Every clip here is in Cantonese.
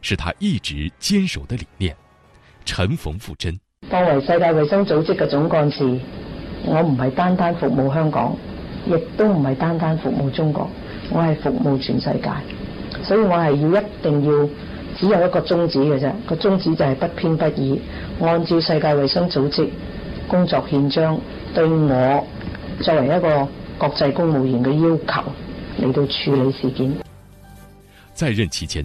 是他一直堅守的理念。陳馮富珍，作為世界衛生組織嘅總幹事，我唔係單單服務香港，亦都唔係單單服務中國，我係服務全世界。所以我係要一定要只有一個宗旨嘅啫，個宗旨就係不偏不倚，按照世界衛生組織工作憲章對我作為一個國際公務員嘅要求嚟到處理事件。在任期間。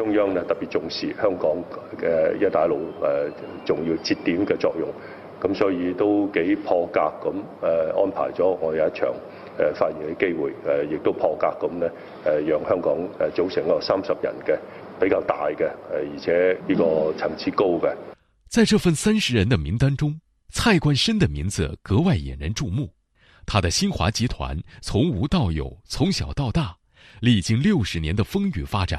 中央咧特別重視香港嘅、呃、一帶一路誒、呃、重要節點嘅作用，咁、呃、所以都幾破格咁誒、呃、安排咗我有一場誒、呃、發言嘅機會誒，亦、呃、都破格咁咧誒，讓香港誒組、呃、成一個三十人嘅比較大嘅誒、呃，而且呢個層次高嘅。在這份三十人的名單中，蔡冠深的名字格外引人注目。他的新華集團從無到有，從小到大，歷經六十年的風雨發展。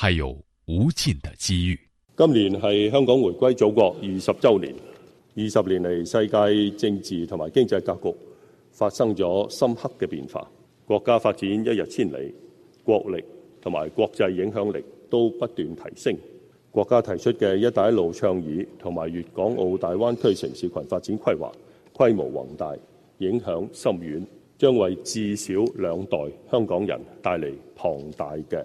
係有無盡的機遇。今年係香港回歸祖國二十周年，二十年嚟，世界政治同埋經濟格局發生咗深刻嘅變化，國家發展一日千里，國力同埋國際影響力都不斷提升。國家提出嘅“一帶一路”倡議同埋粵港澳大灣區城市群發展規劃，規模宏大，影響深遠，將為至少兩代香港人帶嚟龐大嘅。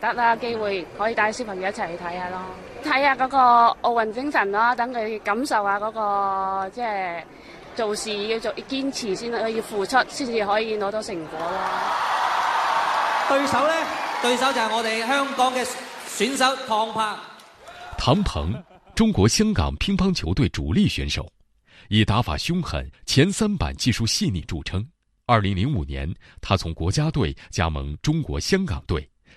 得啦，機會可以帶小朋友一齊去睇下咯，睇下嗰個奧運精神咯，等佢感受下嗰個即係做事要做堅持先可以，要付出先至可以攞到成果咯。對手咧，對手就係我哋香港嘅選手唐鵬。唐鵬，中國香港乒乓球隊主力選手，以打法兇狠、前三板技術細膩著稱。二零零五年，他從國家隊加盟中國香港隊。